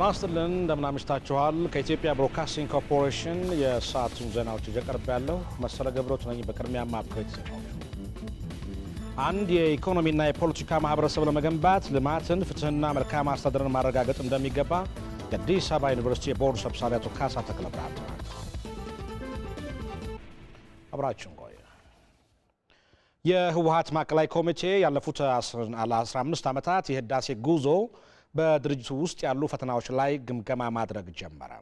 ጤና ይስጥልን እንደምናምሽታችኋል። ከኢትዮጵያ ብሮድካስቲንግ ኮርፖሬሽን የሰዓቱን ዜናዎች እየቀርብ ያለው መሰለ ገብሮት ነኝ። በቅድሚያ ማብሬት አንድ የኢኮኖሚና የፖለቲካ ማህበረሰብ ለመገንባት ልማትን፣ ፍትህና መልካም አስተዳደርን ማረጋገጥ እንደሚገባ የአዲስ አበባ ዩኒቨርሲቲ የቦርድ ሰብሳቢ አቶ ካሳ ተክለ ብርሃን አብራችን ቆዩ። የህወሀት ማዕከላዊ ኮሚቴ ያለፉት 15 ዓመታት የህዳሴ ጉዞ በድርጅቱ ውስጥ ያሉ ፈተናዎች ላይ ግምገማ ማድረግ ጀመረ።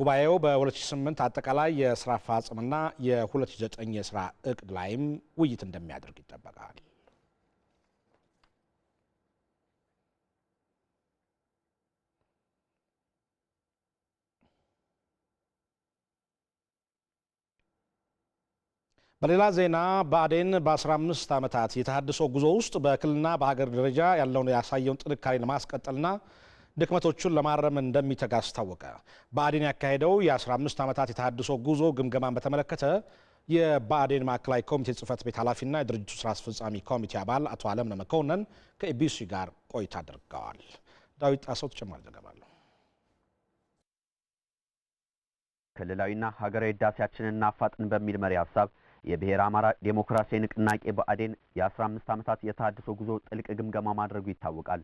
ጉባኤው በ2008 አጠቃላይ የስራ አፈጻጸምና የ2009 የስራ እቅድ ላይም ውይይት እንደሚያደርግ ይጠበቃል። በሌላ ዜና ብአዴን በ15 ዓመታት የተሃድሶ ጉዞ ውስጥ በክልልና በሀገር ደረጃ ያለውን ያሳየውን ጥንካሬ ለማስቀጠልና ድክመቶቹን ለማረም እንደሚተጋ አስታወቀ። ብአዴን ያካሄደው የ15 ዓመታት የተሃድሶ ጉዞ ግምገማን በተመለከተ የብአዴን ማዕከላዊ ኮሚቴ ጽህፈት ቤት ኃላፊና የድርጅቱ ስራ አስፈጻሚ ኮሚቴ አባል አቶ አለምነህ መኮንን ከኢቢሲ ጋር ቆይታ አድርገዋል። ዳዊት ጣሰው ተጨማሪ ዘገባ አለው። ክልላዊና ሀገራዊ ህዳሴያችንን እናፋጥን በሚል መሪ ሀሳብ የብሔር አማራ ዴሞክራሲያዊ ንቅናቄ ብአዴን የ15 ዓመታት የተሃድሶ ጉዞ ጥልቅ ግምገማ ማድረጉ ይታወቃል።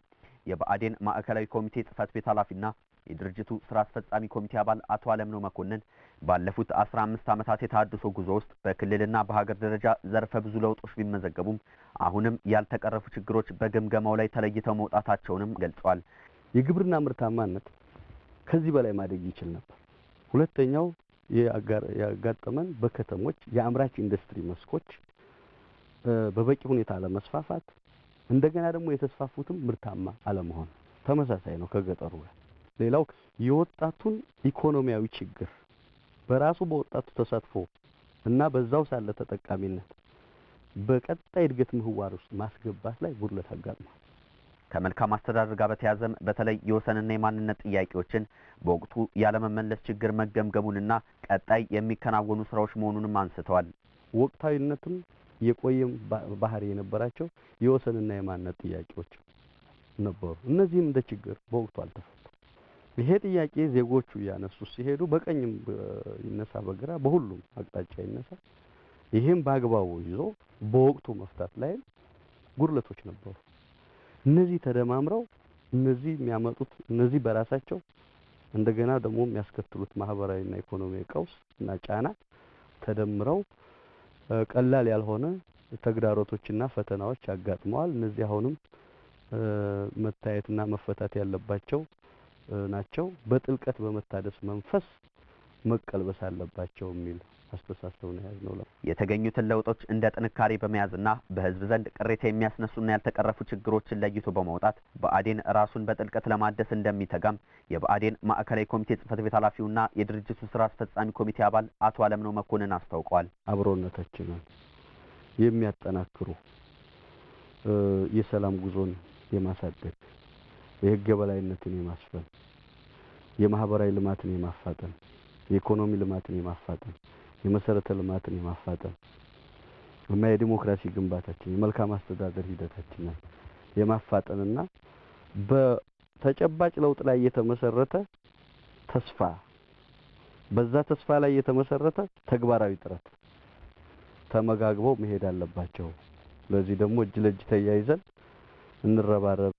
የብአዴን ማዕከላዊ ኮሚቴ ጽህፈት ቤት ኃላፊና የድርጅቱ ስራ አስፈጻሚ ኮሚቴ አባል አቶ አለምነው መኮንን ባለፉት 15 አምስት ዓመታት የተሃድሶ ጉዞ ውስጥ በክልልና በሀገር ደረጃ ዘርፈ ብዙ ለውጦች ቢመዘገቡም አሁንም ያልተቀረፉ ችግሮች በግምገማው ላይ ተለይተው መውጣታቸውንም ገልጸዋል። የግብርና ምርታማነት ከዚህ በላይ ማደግ ይችል ነበር። ሁለተኛው ያጋጠመን በከተሞች የአምራች ኢንዱስትሪ መስኮች በበቂ ሁኔታ አለመስፋፋት፣ እንደገና ደግሞ የተስፋፉትም ምርታማ አለመሆን ተመሳሳይ ነው ከገጠሩ ጋር። ሌላው የወጣቱን ኢኮኖሚያዊ ችግር በራሱ በወጣቱ ተሳትፎ እና በዛው ሳለ ተጠቃሚነት በቀጣይ እድገት ምህዋር ውስጥ ማስገባት ላይ ጉድለት አጋጥሟል። ከመልካም አስተዳደር ጋር በተያዘም በተለይ የወሰንና የማንነት ጥያቄዎችን በወቅቱ ያለመመለስ ችግር መገምገሙንና ቀጣይ የሚከናወኑ ስራዎች መሆኑንም አንስተዋል። ወቅታዊነትም የቆየም ባህሪ የነበራቸው የወሰንና የማንነት ጥያቄዎች ነበሩ። እነዚህም እንደ ችግር በወቅቱ አልተፈቱ። ይሄ ጥያቄ ዜጎቹ እያነሱ ሲሄዱ በቀኝም ይነሳ በግራ በሁሉም አቅጣጫ ይነሳ፣ ይህም በአግባቡ ይዞ በወቅቱ መፍታት ላይም ጉድለቶች ነበሩ። እነዚህ ተደማምረው እነዚህ የሚያመጡት እነዚህ በራሳቸው እንደገና ደግሞ የሚያስከትሉት ማህበራዊና ኢኮኖሚያዊ ቀውስ እና ጫና ተደምረው ቀላል ያልሆነ ተግዳሮቶችና ፈተናዎች አጋጥመዋል። እነዚህ አሁንም መታየትና መፈታት ያለባቸው ናቸው። በጥልቀት በመታደስ መንፈስ መቀልበስ አለባቸው የሚል አስተሳሰብ ነው የያዝነው። የተገኙትን ለውጦች እንደ ጥንካሬ በመያዝና በህዝብ ዘንድ ቅሬታ የሚያስነሱና ያልተቀረፉ ችግሮችን ለይቶ በማውጣት በአዴን ራሱን በጥልቀት ለማደስ እንደሚተጋም የብአዴን ማዕከላዊ ኮሚቴ ጽህፈት ቤት ኃላፊውና የድርጅቱ ስራ አስፈጻሚ ኮሚቴ አባል አቶ አለምነው መኮንን አስታውቀዋል። አብሮነታችንን የሚያጠናክሩ የሰላም ጉዞን የማሳደግ የህግ የበላይነትን የማስፈን የማህበራዊ ልማትን የማፋጠን የኢኮኖሚ ልማትን የማፋጠን የመሰረተ ልማትን የማፋጠን እና የዲሞክራሲ ግንባታችን የመልካም አስተዳደር ሂደታችንን የማፋጠንና በተጨባጭ ለውጥ ላይ የተመሰረተ ተስፋ በዛ ተስፋ ላይ የተመሰረተ ተግባራዊ ጥረት ተመጋግበው መሄድ አለባቸው። ለዚህ ደግሞ እጅ ለእጅ ተያይዘን እንረባረብ።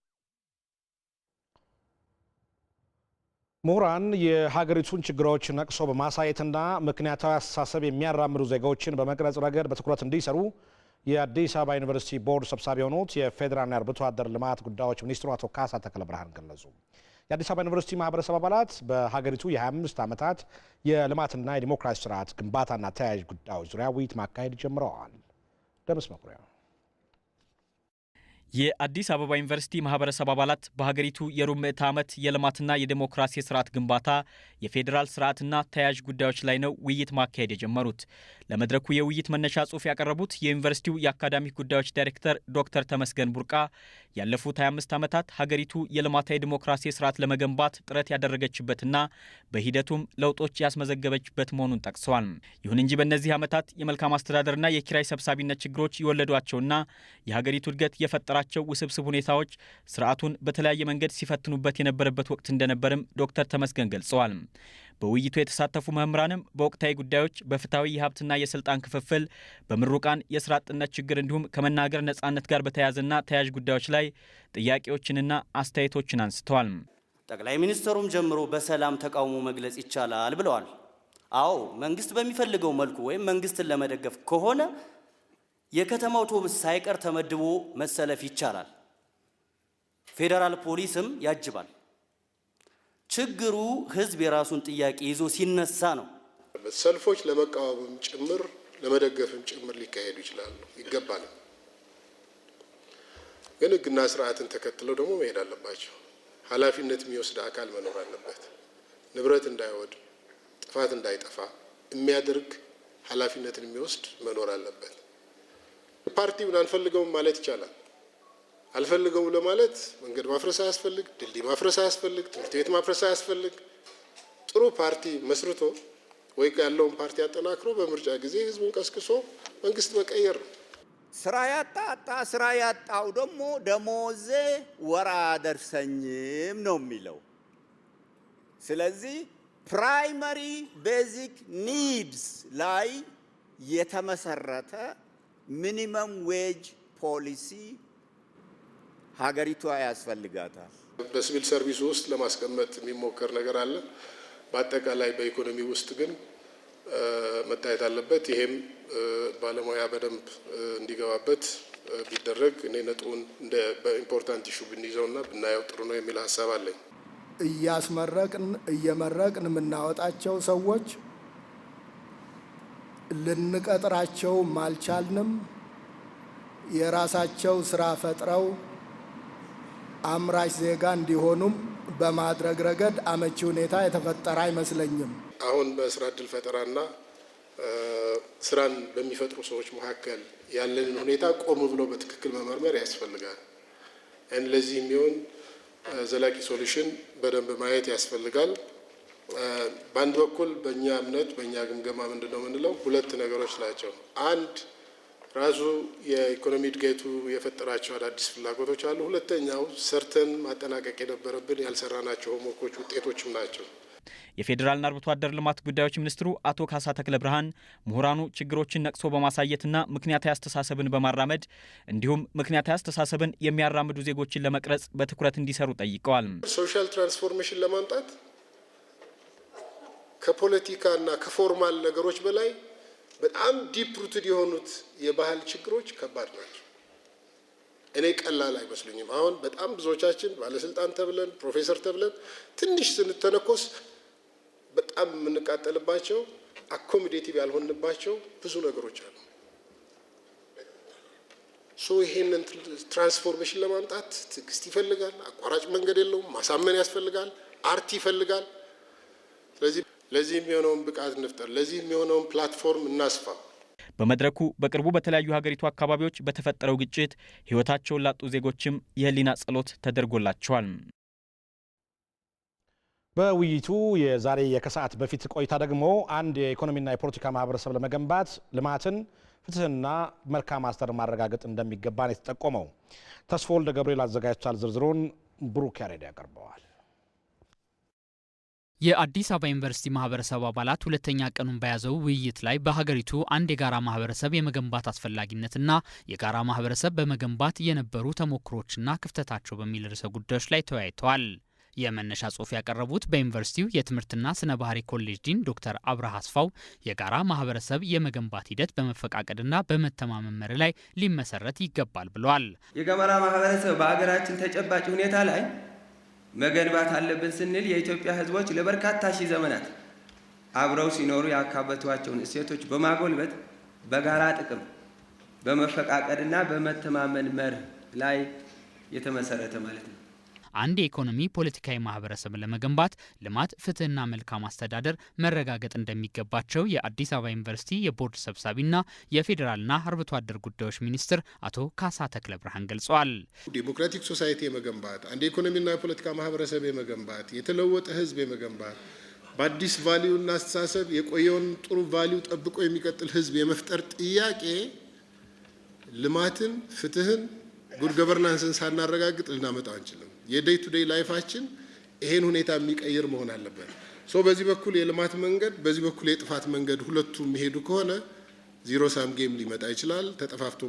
ምሁራን የሀገሪቱን ችግሮች ነቅሶ በማሳየትና ምክንያታዊ አስተሳሰብ የሚያራምዱ ዜጋዎችን በመቅረጽ ረገድ በትኩረት እንዲሰሩ የአዲስ አበባ ዩኒቨርሲቲ ቦርድ ሰብሳቢ የሆኑት የፌዴራልና የአርብቶ አደር ልማት ጉዳዮች ሚኒስትሩ አቶ ካሳ ተክለ ብርሃን ገለጹ። የአዲስ አበባ ዩኒቨርሲቲ ማህበረሰብ አባላት በሀገሪቱ የ25 ዓመታት የልማትና የዲሞክራሲ ስርዓት ግንባታና ተያያዥ ጉዳዮች ዙሪያ ውይይት ማካሄድ ጀምረዋል። ደምስ መኩሪያ የአዲስ አበባ ዩኒቨርሲቲ ማህበረሰብ አባላት በሀገሪቱ የሩብ ምዕተ ዓመት የልማትና የዴሞክራሲ ስርዓት ግንባታ፣ የፌዴራል ስርዓትና ተያያዥ ጉዳዮች ላይ ነው ውይይት ማካሄድ የጀመሩት። ለመድረኩ የውይይት መነሻ ጽሁፍ ያቀረቡት የዩኒቨርሲቲው የአካዳሚክ ጉዳዮች ዳይሬክተር ዶክተር ተመስገን ቡርቃ ያለፉት 25 ዓመታት ሀገሪቱ የልማታዊ ዴሞክራሲ ስርዓት ለመገንባት ጥረት ያደረገችበትና በሂደቱም ለውጦች ያስመዘገበችበት መሆኑን ጠቅሰዋል። ይሁን እንጂ በእነዚህ ዓመታት የመልካም አስተዳደርና የኪራይ ሰብሳቢነት ችግሮች የወለዷቸውና የሀገሪቱ እድገት የፈጠራ የፈጠሯቸው ውስብስብ ሁኔታዎች ስርዓቱን በተለያየ መንገድ ሲፈትኑበት የነበረበት ወቅት እንደነበርም ዶክተር ተመስገን ገልጸዋል። በውይይቱ የተሳተፉ መምህራንም በወቅታዊ ጉዳዮች፣ በፍትሐዊ የሀብትና የስልጣን ክፍፍል፣ በምሩቃን የስራ አጥነት ችግር እንዲሁም ከመናገር ነጻነት ጋር በተያያዘና ተያያዥ ጉዳዮች ላይ ጥያቄዎችንና አስተያየቶችን አንስተዋል። ጠቅላይ ሚኒስትሩም ጀምሮ በሰላም ተቃውሞ መግለጽ ይቻላል ብለዋል። አዎ መንግስት በሚፈልገው መልኩ ወይም መንግስትን ለመደገፍ ከሆነ የከተማ አውቶቡስ ሳይቀር ተመድቦ መሰለፍ ይቻላል። ፌዴራል ፖሊስም ያጅባል። ችግሩ ህዝብ የራሱን ጥያቄ ይዞ ሲነሳ ነው። ሰልፎች ለመቃወምም ጭምር ለመደገፍም ጭምር ሊካሄዱ ይችላሉ፣ ይገባል። ግን ህግና ስርዓትን ተከትለው ደግሞ መሄድ አለባቸው። ኃላፊነት የሚወስድ አካል መኖር አለበት። ንብረት እንዳይወድ ጥፋት እንዳይጠፋ የሚያደርግ ኃላፊነትን የሚወስድ መኖር አለበት። ፓርቲውን አንፈልገውም ማለት ይቻላል። አልፈልገው ለማለት መንገድ ማፍረስ አያስፈልግ፣ ድልድይ ማፍረስ አያስፈልግ፣ ትምህርት ቤት ማፍረስ አያስፈልግ። ጥሩ ፓርቲ መስርቶ ወይ ያለውን ፓርቲ አጠናክሮ በምርጫ ጊዜ ህዝቡን ቀስቅሶ መንግስት መቀየር ነው። ስራ ያጣ አጣ፣ ስራ ያጣው ደግሞ ደሞዜ ወራ ደርሰኝም ነው የሚለው። ስለዚህ ፕራይመሪ ቤዚክ ኒድስ ላይ የተመሰረተ ሚኒመም ዌጅ ፖሊሲ ሀገሪቷ ያስፈልጋታል። በሲቪል ሰርቪስ ውስጥ ለማስቀመጥ የሚሞከር ነገር አለ። በአጠቃላይ በኢኮኖሚ ውስጥ ግን መታየት አለበት። ይሄም ባለሙያ በደንብ እንዲገባበት ቢደረግ እኔ ነጥቡን በኢምፖርታንት ኢሹ ብንይዘው እና ብናየው ጥሩ ነው የሚል ሀሳብ አለኝ። እያስመረቅን እየመረቅን የምናወጣቸው ሰዎች ልንቀጥራቸውም አልቻልንም። የራሳቸው ስራ ፈጥረው አምራች ዜጋ እንዲሆኑም በማድረግ ረገድ አመቺ ሁኔታ የተፈጠረ አይመስለኝም። አሁን በስራ እድል ፈጠራና ስራን በሚፈጥሩ ሰዎች መካከል ያለንን ሁኔታ ቆም ብሎ በትክክል መመርመር ያስፈልጋል። ለዚህ የሚሆን ዘላቂ ሶሉሽን በደንብ ማየት ያስፈልጋል። በአንድ በኩል በእኛ እምነት በእኛ ግምገማ ምንድን ነው የምንለው ሁለት ነገሮች ናቸው። አንድ ራሱ የኢኮኖሚ እድገቱ የፈጠራቸው አዳዲስ ፍላጎቶች አሉ። ሁለተኛው ሰርተን ማጠናቀቅ የነበረብን ያልሰራናቸው ሞኮች ውጤቶችም ናቸው። የፌዴራልና አርብቶ አደር ልማት ጉዳዮች ሚኒስትሩ አቶ ካሳ ተክለ ብርሃን ምሁራኑ ችግሮችን ነቅሶ በማሳየትና ምክንያታዊ አስተሳሰብን በማራመድ እንዲሁም ምክንያታዊ አስተሳሰብን የሚያራምዱ ዜጎችን ለመቅረጽ በትኩረት እንዲሰሩ ጠይቀዋል። ሶሻል ትራንስፎርሜሽን ለማምጣት ከፖለቲካ እና ከፎርማል ነገሮች በላይ በጣም ዲፕ ሩትድ የሆኑት የባህል ችግሮች ከባድ ናቸው። እኔ ቀላል አይመስሉኝም። አሁን በጣም ብዙዎቻችን ባለስልጣን ተብለን ፕሮፌሰር ተብለን ትንሽ ስንተነኮስ በጣም የምንቃጠልባቸው አኮሚዴቲቭ ያልሆንባቸው ብዙ ነገሮች አሉ። ሶ ይሄንን ትራንስፎርሜሽን ለማምጣት ትዕግስት ይፈልጋል። አቋራጭ መንገድ የለውም። ማሳመን ያስፈልጋል። አርት ይፈልጋል። ስለዚህ ለዚህ የሚሆነውን ብቃት እንፍጠር፣ ለዚህ የሚሆነውን ፕላትፎርም እናስፋ። በመድረኩ በቅርቡ በተለያዩ ሀገሪቱ አካባቢዎች በተፈጠረው ግጭት ህይወታቸውን ላጡ ዜጎችም የህሊና ጸሎት ተደርጎላቸዋል። በውይይቱ የዛሬ የከሰዓት በፊት ቆይታ ደግሞ አንድ የኢኮኖሚና የፖለቲካ ማህበረሰብ ለመገንባት ልማትን ፍትህና መልካም አስተዳደር ማረጋገጥ እንደሚገባ ነው የተጠቆመው። ተስፎ ወልደ ገብርኤል አዘጋጅቷል። ዝርዝሩን ብሩክ ያሬዳ ያቀርበዋል። የአዲስ አበባ ዩኒቨርሲቲ ማህበረሰብ አባላት ሁለተኛ ቀኑን በያዘው ውይይት ላይ በሀገሪቱ አንድ የጋራ ማህበረሰብ የመገንባት አስፈላጊነትና የጋራ ማህበረሰብ በመገንባት የነበሩ ተሞክሮችና ክፍተታቸው በሚል ርዕሰ ጉዳዮች ላይ ተወያይተዋል። የመነሻ ጽሑፍ ያቀረቡት በዩኒቨርሲቲው የትምህርትና ስነ ባህሪ ኮሌጅ ዲን ዶክተር አብርሃ አስፋው የጋራ ማህበረሰብ የመገንባት ሂደት በመፈቃቀድና በመተማመን መርህ ላይ ሊመሰረት ይገባል ብለዋል። የጋራ ማህበረሰብ በሀገራችን ተጨባጭ ሁኔታ ላይ መገንባት አለብን ስንል የኢትዮጵያ ህዝቦች ለበርካታ ሺህ ዘመናት አብረው ሲኖሩ ያካበቷቸውን እሴቶች በማጎልበት በጋራ ጥቅም በመፈቃቀድና በመተማመን መርህ ላይ የተመሰረተ ማለት ነው። አንድ የኢኮኖሚ ፖለቲካዊ ማህበረሰብ ለመገንባት ልማት፣ ፍትህና መልካም አስተዳደር መረጋገጥ እንደሚገባቸው የአዲስ አበባ ዩኒቨርሲቲ የቦርድ ሰብሳቢና የፌዴራልና አርብቶ አደር ጉዳዮች ሚኒስትር አቶ ካሳ ተክለ ብርሃን ገልጸዋል። ዲሞክራቲክ ሶሳይቲ የመገንባት አንድ የኢኮኖሚና የፖለቲካ ማህበረሰብ የመገንባት የተለወጠ ህዝብ የመገንባት በአዲስ ቫሊዩና አስተሳሰብ የቆየውን ጥሩ ቫሊዩ ጠብቆ የሚቀጥል ህዝብ የመፍጠር ጥያቄ ልማትን፣ ፍትህን፣ ጉድ ገቨርናንስን ሳናረጋግጥ ልናመጣው አንችልም። የዴይ ቱ ዴይ ላይፋችን ይሄን ሁኔታ የሚቀይር መሆን አለበት። ሶ በዚህ በኩል የልማት መንገድ፣ በዚህ በኩል የጥፋት መንገድ ሁለቱ የሚሄዱ ከሆነ ዚሮ ሳም ጌም ሊመጣ ይችላል። ተጠፋፍቶ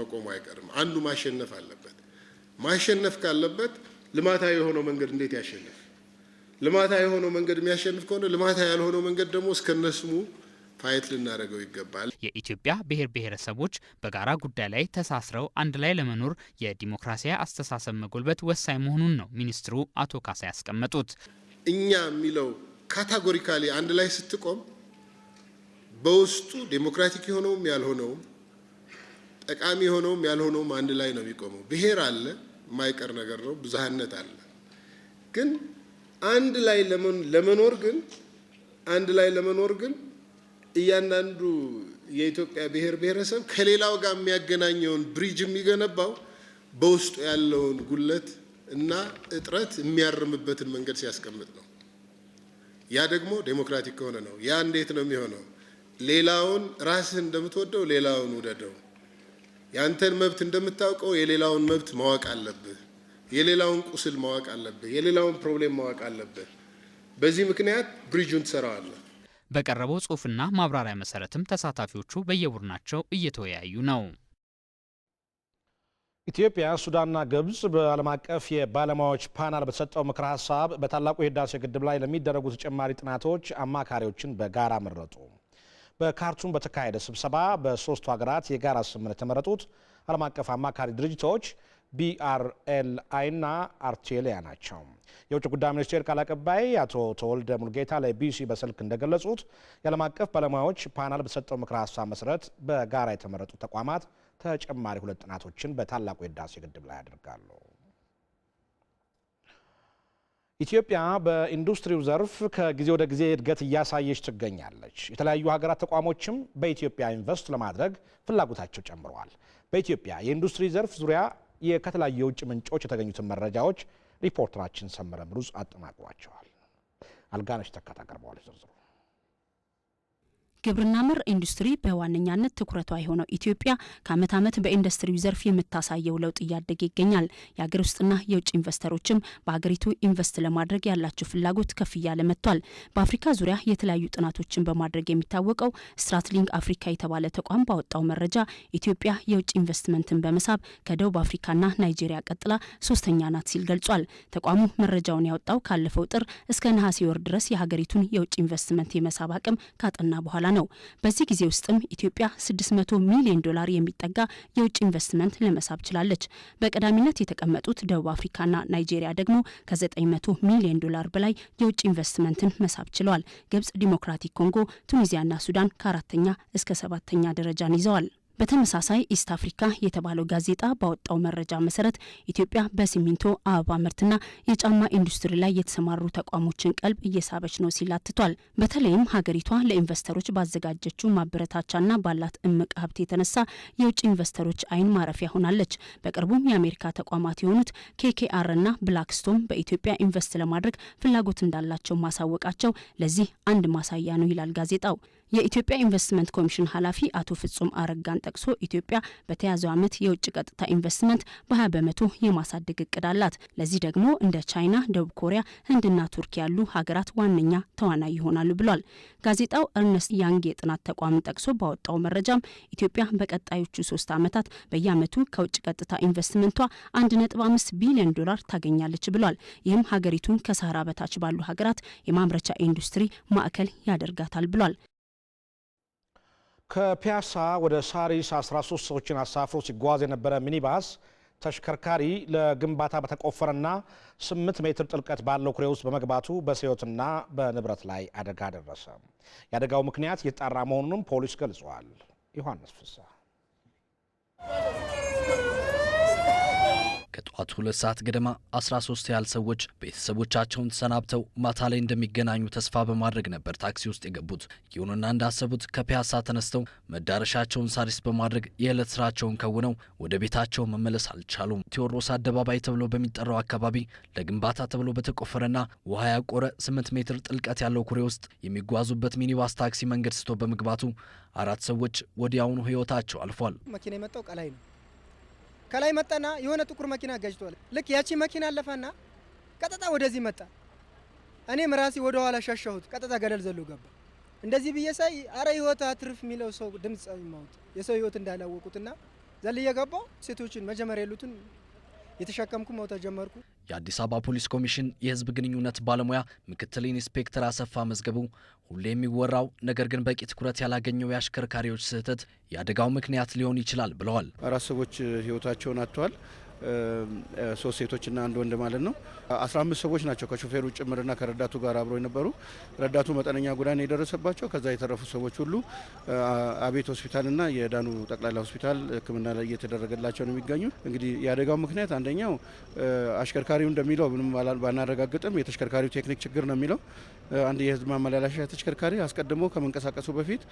መቆሙ አይቀርም። አንዱ ማሸነፍ አለበት። ማሸነፍ ካለበት ልማታዊ የሆነው መንገድ እንዴት ያሸንፍ? ልማታዊ የሆነው መንገድ የሚያሸንፍ ከሆነ ልማታዊ ያልሆነው መንገድ ደግሞ እስከነስሙ ፋይት ልናደርገው ይገባል። የኢትዮጵያ ብሔር ብሔረሰቦች በጋራ ጉዳይ ላይ ተሳስረው አንድ ላይ ለመኖር የዲሞክራሲያዊ አስተሳሰብ መጎልበት ወሳኝ መሆኑን ነው ሚኒስትሩ አቶ ካሳ ያስቀመጡት። እኛ የሚለው ካታጎሪካሊ አንድ ላይ ስትቆም በውስጡ ዴሞክራቲክ የሆነውም ያልሆነውም ጠቃሚ የሆነውም ያልሆነውም አንድ ላይ ነው የሚቆመው። ብሔር አለ፣ የማይቀር ነገር ነው። ብዙሃነት አለ። ግን አንድ ላይ ለመኖር ግን አንድ ላይ ለመኖር ግን እያንዳንዱ የኢትዮጵያ ብሔር ብሔረሰብ ከሌላው ጋር የሚያገናኘውን ብሪጅ የሚገነባው በውስጡ ያለውን ጉለት እና እጥረት የሚያርምበትን መንገድ ሲያስቀምጥ ነው። ያ ደግሞ ዴሞክራቲክ ከሆነ ነው። ያ እንዴት ነው የሚሆነው? ሌላውን ራስህ እንደምትወደው ሌላውን ውደደው። ያንተን መብት እንደምታውቀው የሌላውን መብት ማወቅ አለብህ። የሌላውን ቁስል ማወቅ አለብህ። የሌላውን ፕሮብሌም ማወቅ አለብህ። በዚህ ምክንያት ብሪጁን ትሰራዋለህ። በቀረበው ጽሁፍና ማብራሪያ መሰረትም ተሳታፊዎቹ በየቡድናቸው እየተወያዩ ነው። ኢትዮጵያ፣ ሱዳንና ግብጽ በዓለም አቀፍ የባለሙያዎች ፓናል በተሰጠው ምክረ ሀሳብ በታላቁ የህዳሴ ግድብ ላይ ለሚደረጉ ተጨማሪ ጥናቶች አማካሪዎችን በጋራ መረጡ። በካርቱም በተካሄደ ስብሰባ በሶስቱ ሀገራት የጋራ ስምምነት የተመረጡት ዓለም አቀፍ አማካሪ ድርጅቶች ቢአርኤልአይ ና አርቴሊያ ናቸው። የውጭ ጉዳይ ሚኒስቴር ቃል አቀባይ አቶ ተወልደ ሙልጌታ ለቢሲ በስልክ እንደገለጹት የዓለም አቀፍ ባለሙያዎች ፓናል በሰጠው ምክረ ሀሳብ መሰረት በጋራ የተመረጡ ተቋማት ተጨማሪ ሁለት ጥናቶችን በታላቁ የህዳሴ ግድብ ላይ ያደርጋሉ። ኢትዮጵያ በኢንዱስትሪው ዘርፍ ከጊዜ ወደ ጊዜ እድገት እያሳየች ትገኛለች። የተለያዩ ሀገራት ተቋሞችም በኢትዮጵያ ኢንቨስት ለማድረግ ፍላጎታቸው ጨምረዋል። በኢትዮጵያ የኢንዱስትሪ ዘርፍ ዙሪያ የከተለያዩ የውጭ ምንጮች የተገኙትን መረጃዎች ሪፖርተራችን ሰመረ ምሩጽ አጠናቅሯቸዋል። አልጋነሽ ተካት አቀርበዋለች ዝርዝሩ ግብርና መር ኢንዱስትሪ በዋነኛነት ትኩረቷ የሆነው ኢትዮጵያ ከዓመት ዓመት በኢንዱስትሪው ዘርፍ የምታሳየው ለውጥ እያደገ ይገኛል። የሀገር ውስጥና የውጭ ኢንቨስተሮችም በሀገሪቱ ኢንቨስት ለማድረግ ያላቸው ፍላጎት ከፍ እያለ መጥቷል። በአፍሪካ ዙሪያ የተለያዩ ጥናቶችን በማድረግ የሚታወቀው ስትራትሊንግ አፍሪካ የተባለ ተቋም ባወጣው መረጃ ኢትዮጵያ የውጭ ኢንቨስትመንትን በመሳብ ከደቡብ አፍሪካና ናይጄሪያ ቀጥላ ሶስተኛ ናት ሲል ገልጿል። ተቋሙ መረጃውን ያወጣው ካለፈው ጥር እስከ ነሐሴ ወር ድረስ የሀገሪቱን የውጭ ኢንቨስትመንት የመሳብ አቅም ካጠና በኋላ ነው። ነው። በዚህ ጊዜ ውስጥም ኢትዮጵያ 600 ሚሊዮን ዶላር የሚጠጋ የውጭ ኢንቨስትመንት ለመሳብ ችላለች። በቀዳሚነት የተቀመጡት ደቡብ አፍሪካና ናይጄሪያ ደግሞ ከ900 ሚሊዮን ዶላር በላይ የውጭ ኢንቨስትመንትን መሳብ ችለዋል። ግብጽ፣ ዲሞክራቲክ ኮንጎ፣ ቱኒዚያና ሱዳን ከአራተኛ እስከ ሰባተኛ ደረጃን ይዘዋል። በተመሳሳይ ኢስት አፍሪካ የተባለው ጋዜጣ ባወጣው መረጃ መሰረት ኢትዮጵያ በሲሚንቶ አበባ ምርትና የጫማ ኢንዱስትሪ ላይ የተሰማሩ ተቋሞችን ቀልብ እየሳበች ነው ሲል አትቷል። በተለይም ሀገሪቷ ለኢንቨስተሮች ባዘጋጀችው ማበረታቻና ባላት እምቅ ሀብት የተነሳ የውጭ ኢንቨስተሮች አይን ማረፊያ ሆናለች። በቅርቡም የአሜሪካ ተቋማት የሆኑት ኬኬአር እና ብላክስቶን በኢትዮጵያ ኢንቨስት ለማድረግ ፍላጎት እንዳላቸው ማሳወቃቸው ለዚህ አንድ ማሳያ ነው ይላል ጋዜጣው። የኢትዮጵያ ኢንቨስትመንት ኮሚሽን ኃላፊ አቶ ፍጹም አረጋን ጠቅሶ ኢትዮጵያ በተያዘው ዓመት የውጭ ቀጥታ ኢንቨስትመንት በሀያ በመቶ የማሳደግ እቅድ አላት። ለዚህ ደግሞ እንደ ቻይና፣ ደቡብ ኮሪያ፣ ህንድና ቱርክ ያሉ ሀገራት ዋነኛ ተዋናይ ይሆናሉ ብሏል። ጋዜጣው እርነስት ያንግ የጥናት ተቋምን ጠቅሶ ባወጣው መረጃም ኢትዮጵያ በቀጣዮቹ ሶስት ዓመታት በየዓመቱ ከውጭ ቀጥታ ኢንቨስትመንቷ አንድ ነጥብ አምስት ቢሊዮን ዶላር ታገኛለች ብሏል። ይህም ሀገሪቱን ከሰሃራ በታች ባሉ ሀገራት የማምረቻ ኢንዱስትሪ ማዕከል ያደርጋታል ብሏል። ከፒያሳ ወደ ሳሪስ 13 ሰዎችን አሳፍሮ ሲጓዝ የነበረ ሚኒባስ ተሽከርካሪ ለግንባታ በተቆፈረና 8 ሜትር ጥልቀት ባለው ኩሬ ውስጥ በመግባቱ በሕይወትና በንብረት ላይ አደጋ ደረሰ። የአደጋው ምክንያት እየተጣራ መሆኑንም ፖሊስ ገልጿል። ዮሐንስ ፍሳ ከጠዋት ሁለት ሰዓት ገደማ 13 ያህል ሰዎች ቤተሰቦቻቸውን ተሰናብተው ማታ ላይ እንደሚገናኙ ተስፋ በማድረግ ነበር ታክሲ ውስጥ የገቡት። ይሁንና እንዳሰቡት ከፒያሳ ተነስተው መዳረሻቸውን ሳሪስ በማድረግ የዕለት ስራቸውን ከውነው ወደ ቤታቸው መመለስ አልቻሉም። ቴዎድሮስ አደባባይ ተብሎ በሚጠራው አካባቢ ለግንባታ ተብሎ በተቆፈረና ውሃ ያቆረ 8 ሜትር ጥልቀት ያለው ኩሬ ውስጥ የሚጓዙበት ሚኒባስ ታክሲ መንገድ ስቶ በመግባቱ አራት ሰዎች ወዲያውኑ ህይወታቸው አልፏል። መኪና የመጣው ቀላይ ነው ከላይ መጣና የሆነ ጥቁር መኪና ገጭቷል። ልክ ያቺ መኪና አለፈና ቀጥታ ወደዚህ መጣ። እኔም ራሴ ወደ ኋላ ሸሸሁት። ቀጥታ ገደል ዘሎ ገባ። እንደዚህ ብዬ ሳይ አረ ህይወት አትርፍ የሚለው ሰው ድምጽ ሰማሁት። የሰው ህይወት እንዳላወቁትና ዘልዬ ገባሁ። ሴቶችን መጀመሪያ ያሉትን የተሸከምኩ መውጣት ጀመርኩ። የአዲስ አበባ ፖሊስ ኮሚሽን የህዝብ ግንኙነት ባለሙያ ምክትል ኢንስፔክተር አሰፋ መዝገቡ ሁሌ የሚወራው ነገር ግን በቂ ትኩረት ያላገኘው የአሽከርካሪዎች ስህተት የአደጋው ምክንያት ሊሆን ይችላል ብለዋል። አራት ሰዎች ሕይወታቸውን አጥተዋል። ሶስት ሴቶችና አንድ ወንድ ማለት ነው። አስራ አምስት ሰዎች ናቸው ከሾፌሩ ጭምርና ከረዳቱ ጋር አብረው የነበሩ። ረዳቱ መጠነኛ ጉዳን የደረሰባቸው፣ ከዛ የተረፉ ሰዎች ሁሉ አቤት ሆስፒታልና የዳኑ ጠቅላላ ሆስፒታል ሕክምና ላይ እየተደረገላቸው ነው የሚገኙ። እንግዲህ የአደጋው ምክንያት አንደኛው አሽከርካሪው እንደሚለው ምንም ባናረጋግጥም የተሽከርካሪው ቴክኒክ ችግር ነው የሚለው አንድ የህዝብ ማመላለሻ ተሽከርካሪ አስቀድሞ ከመንቀሳቀሱ በፊት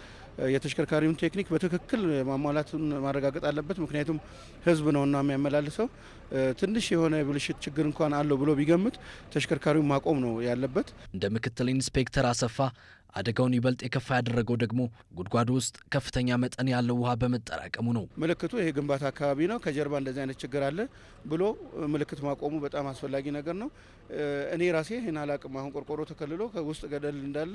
የተሽከርካሪውን ቴክኒክ በትክክል ማሟላቱን ማረጋገጥ አለበት። ምክንያቱም ህዝብ ነውና የሚያመላልሰው። ትንሽ የሆነ ብልሽት ችግር እንኳን አለው ብሎ ቢገምት ተሽከርካሪውን ማቆም ነው ያለበት። እንደ ምክትል ኢንስፔክተር አሰፋ አደጋውን ይበልጥ የከፋ ያደረገው ደግሞ ጉድጓድ ውስጥ ከፍተኛ መጠን ያለው ውሃ በመጠራቀሙ ነው። ምልክቱ ይሄ ግንባታ አካባቢ ነው፣ ከጀርባ እንደዚህ አይነት ችግር አለ ብሎ ምልክት ማቆሙ በጣም አስፈላጊ ነገር ነው። እኔ ራሴ ይህን አላቅም። አሁን ቆርቆሮ ተከልሎ ከውስጥ ገደል እንዳለ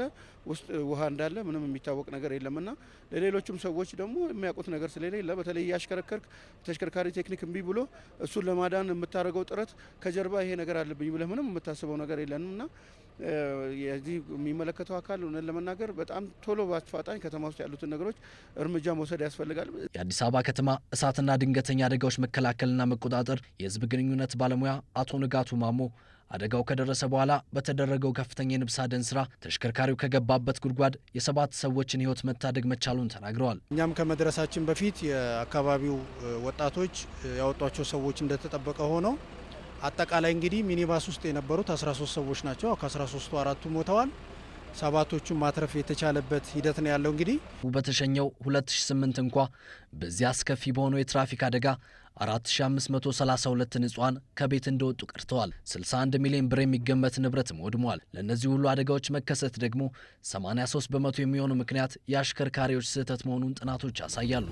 ውስጥ ውሃ እንዳለ ምንም የሚታወቅ ነገር የለምና ለሌሎችም ሰዎች ደግሞ የሚያውቁት ነገር ስለሌለ በተለይ እያሽከረከርክ ተሽከርካሪ ቴክኒክ እምቢ ብሎ እሱን ለማዳን የምታደርገው ጥረት ከጀርባ ይሄ ነገር አለብኝ ብለህ ምንም የምታስበው ነገር የለንም እና የዚህ የሚመለከተው አካል እውነት ለመናገር በጣም ቶሎ በአስፋጣኝ ከተማ ውስጥ ያሉትን ነገሮች እርምጃ መውሰድ ያስፈልጋል። የአዲስ አበባ ከተማ እሳትና ድንገተኛ አደጋዎች መከላከልና መቆጣጠር የህዝብ ግንኙነት ባለሙያ አቶ ንጋቱ ማሞ አደጋው ከደረሰ በኋላ በተደረገው ከፍተኛ የንብስ አደን ስራ ተሽከርካሪው ከገባበት ጉድጓድ የሰባት ሰዎችን ህይወት መታደግ መቻሉን ተናግረዋል። እኛም ከመድረሳችን በፊት የአካባቢው ወጣቶች ያወጧቸው ሰዎች እንደተጠበቀ ሆነው አጠቃላይ እንግዲህ ሚኒባስ ውስጥ የነበሩት 13 ሰዎች ናቸው። ከ13ቱ አራቱ ሞተዋል። ሰባቶቹን ማትረፍ የተቻለበት ሂደት ነው ያለው። እንግዲህ በተሸኘው 2008 እንኳ በዚያ አስከፊ በሆነው የትራፊክ አደጋ 4532 ንጹሐን ከቤት እንደወጡ ቀርተዋል። 61 ሚሊዮን ብር የሚገመት ንብረትም ወድሟል። ለእነዚህ ሁሉ አደጋዎች መከሰት ደግሞ 83 በመቶ የሚሆኑ ምክንያት የአሽከርካሪዎች ስህተት መሆኑን ጥናቶች ያሳያሉ።